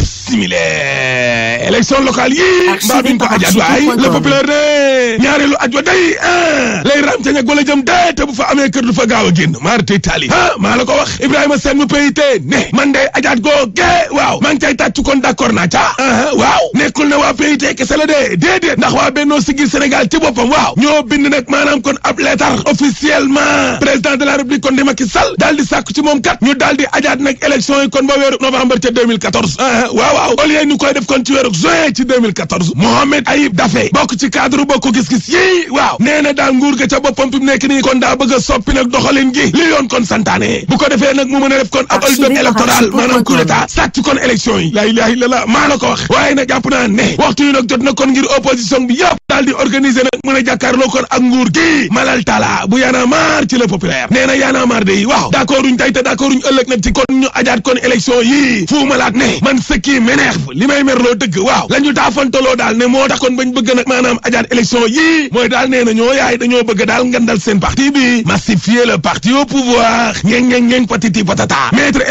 bismillah élection locale yii mbaa duñ ko ajaat waay le populaire de ñaareelu aj wa day lay ram ca ña gole jëm de te bu fa amee du fa gaaw a génn maar tey taali ah maa la ko wax Ibrahima a mu PIT ne man day ajaat googe waaw maa ngi cay tàccu kon d'accord naa ca waaw nekkul ne waa PIT kese la de déedéet ndax waa Bennoo Siggil Sénégal ci boppam waaw ñoo bind nag maanaam kon ab Dakar officiellement président de la république kon di Macky Sall daal di sàkku ci moom kat ñu daal di ajaat nag élection yi kon ba weeru novembre ca 2014 ah, waaw waaw au lieu ñu koy def kon ci weeru juin ci 2014 Mohamed Ayib Daffé bokk ci cadre bokk gis-gis yi waaw nee ga ca boppam fi mu nekk kon daa bëgg a soppi nag doxalin gi li yoon kon santaane bu ko defee mu mën a def kon ab ëllëg électoral maanaam maa la wax waaye nag jàpp naa ne yu nag jot na kon ngir opposition b yëpp daal di organiser nag mën a jàkkaarloo kon ak nguur gi malal tala bu yaana ci le populaire nee na yaana waaw d'accord uñ tey ëllëg nag ci kon ñu ajaat kon élection yii fuu malaat ne man sëkkii meneex li may merloo dëgg waaw la taafantaloo daal ne moo tax bañ bëgg nag maanaam ajaat élection yii mooy daal nee ñoo yaay dañoo bëgg daal ngandal seen parti bi massifier le parti au pouvoir ngeen ngeen ngeen patiti patata maître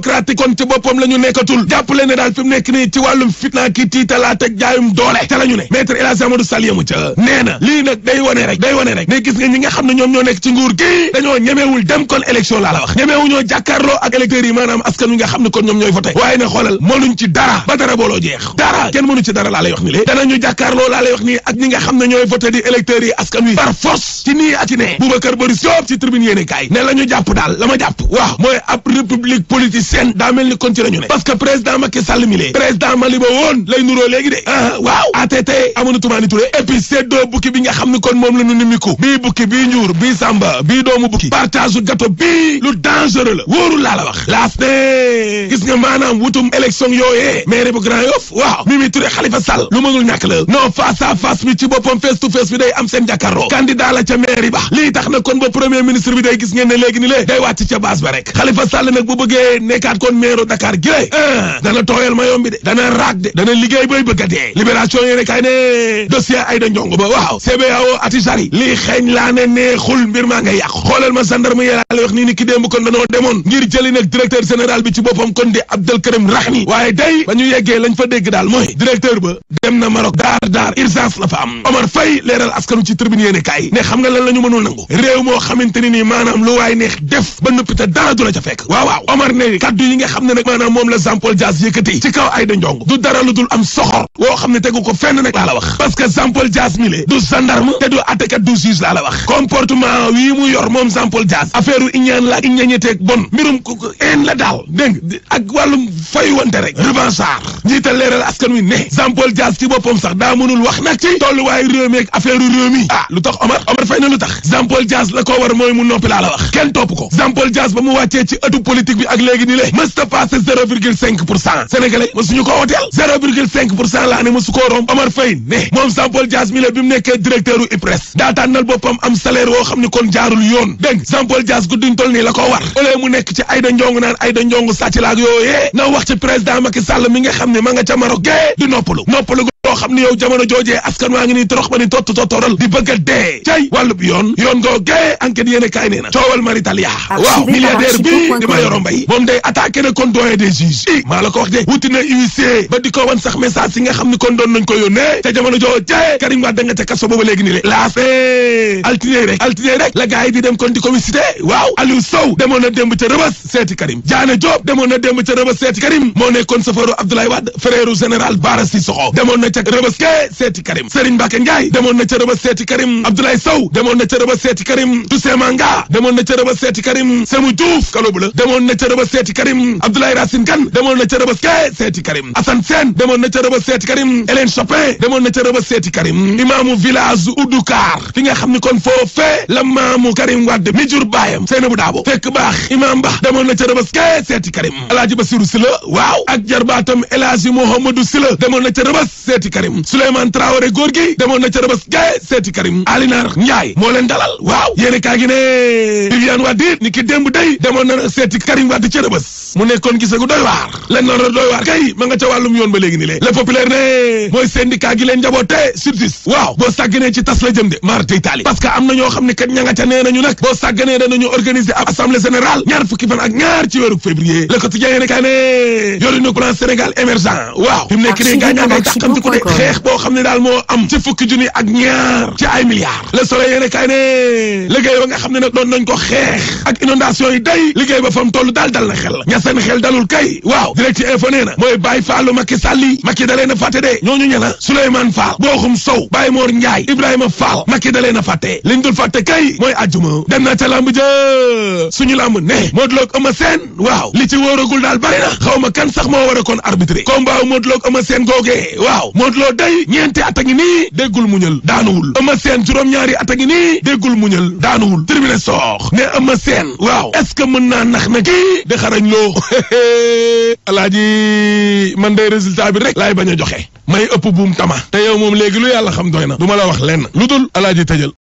démocratique kon ci boppam la ñu nekkatul jàppale ne daal fi nekk nii ci wàllum fitna ki tiitalaat jaayum doole te la ne maître El Hadji Amadou Sall ca nee na day wane rek day wane rek ne gis ñi nga xam ne ñooy voté waaye ne xoolal mënuñ ci dara ba dara booloo dara kenn mënu ci dara laa lay ni lée danañu ñu jàpp daal la jàpp waaw mooy ab république politique seen daa mel ni kon ci la ñu ne parce que président Macky Sall mi lee président Mali ba woon lay nuroo léegi de ah waaw ATT Amadou Toumani Touré et puis seddoo bukki bi nga xam ni kon moom la ñu nimiku bii bukki bii njuur bii sàmba bii doomu bukki partage u gâteau lu dangereux la wóorul laa la wax laas ne gis nga maanaam wutum élection yooyee maire bu Grand Yoff waaw Mimi Touré Khalifa Sall lu mënul ñàkk la non face a face bi ci boppam face to face bi day am seen jàkkaarloo candidat gis ngeen ne léegi ni lée day wàcc kaat kon meeru Dakar gilée ah. dana tooyal ma yombi de dana raag de dana liggéey bay bëgg a dee libération yéene kay ne dossier Aïda Ndiongo ba waaw CBAO ati sari lii xeeñ laa ne neexul mbir maa nga yàqu xoolal ma gendarme yelaale wax nii ni ki démb kon danoo demoon ngir jëli nag directeur général bi ci boppam kon di Abdel Karim Rahni waaye day ba ñu yeggee lañ fa dégg daal mooy directeur ba dem na Maroc daar daar urgence la fa am Omar Faye leeral askanu ci tribune yéene kaay xam nga lan la ñu mënul nangu réew moo xamante ni nii maanaam lu waay neex def ba noppi te dara kaddu yi nga xam ne nag maanaam moom la Jean Paul Dias yëkkati ci kaw Aïda Ndiongue du dara lu dul am soxor woo xam ne tegu fenn nag laa la wax parce que Jean Paul Dias mi le du gendarme te du atekat du juge laa la wax comportement wii mu yor moom Jean Paul Dias affaire u iñaan la ak iñaañeteeg bon mbirum ko een la daal dégg ak wàllum fay wante rek revanchard njiital leeral askan wi ne Jean Paul Dias ci boppam sax daa mënul wax nag ci tolluwaayu réew le mësta passé zéro virgule cinq pour mësuñu ko woteel zéro virgule cinq pour cent laa ne romb Omar Faye ne moom Jean Paul Dias mi la bi mu nekkee directeur u am salaire woo xam ne kon jaarul yoon dégg Jean Paul Dias gudduñ tol nii la ko war au mu nekk ci Aïda Ndiongue naan Aïda Ndiongue sàcc laak yooyee na wax ci président Macky Sall mi nga xam ne ma nga ca Maroc gee di noppalu noppalu boo xam ne yow jamono joojee askan waa ngi ni torox a bi di Mayoro Mbaye moom day na kon doyen des juges i maa la ko wax de wuti na huissier ba di wan sax message yi xam ne kon doon nañ ko yónnee ca jamono joojee Karim Wade da nga ca kaso booba léegi ni le laas altine rek altine rek la gars yi di dem kon di ko visité waaw Aliou Sow demoon na démb ca rëbës seeti Karim Diané Diop demoon na démb ca rëbës seeti Karim moo nekkoon safaru Abdoulaye Wade frère ca rëbës kee seeti Karim Serigne Mbacke Ndiaye demoon na ca rëbës seeti Karim Abdoulaye Sow demoon na ca rëbës seeti Karim Toussaint Manga demoon na ca rëbës seeti Karim Semou Diouf kalobu la demoon seeti Karim Abdoulaye Racine Kane demoon na seeti Karim Assane Sène demoon na xam ni kon foofee la maamu Karim Wade mi jur baayam Seynabou Dabo fekk baax imaam ba demoon na ca rëbës seeti Karim Alaaji Basiru Sila waaw ak jarbaatam El Hadji Mouhamadou Sila demoon Karim Souleymane Traoré góor gi demoon na ca Rëbës Gaye seeti Karim Alinar Ndiaye moo leen dalal waaw yéene kaa gi ne Viviane Wade ni ki démb demoon na seeti Karim Wade ca mu nekkoon gise gu doy waar leen na doy waar kay ma nga ca wàllum yoon ba léegi ni le le populaire ne mooy syndicat gi leen njaboote surtis waaw boo sàgganee ci tas la jëm de maar day taali parce am na ñoo xam ne kat ña nga ca nee nañu nag boo sàgganee danañu organiser ab xeex boo xam ne daal moo am ci fukki junni ak ñaar ci ay milliards le soleil yéene kay ne liggéey ba nga xam ne na doon nañ ko xeex ak inondation yi day liggéey ba fa mu toll daal dal na xel ña seen xel dalul kay waaw direct info nee na mooy Baye Fallou Macky Sall yi Macky dalee na fàtte de ñooñu ñe la Souleymane Fall Boxum Sow Baye Mor Ndiaye Ibrahima a Macky dalee na fàtte liñ dul fàtte kay mooy àjjuma dem naa ca lamb jë ne Modou Lo ak Eumeu Sène li ci wóoragul a moodloo day ñeenti at a ngi nii déggul muñal daanuwul ëma seen juróom-ñaari at a ngi nii déggul muñal daanuwul tribune soox ne ëma seen waaw est que mën naa nax na kii di xarañ loo alaaji man day résultat bi rek laay bañ joxe may ëpp buum tama te yow moom léegi lu yàlla xam doy na du ma la wax lenn lu dul alaaji tëjal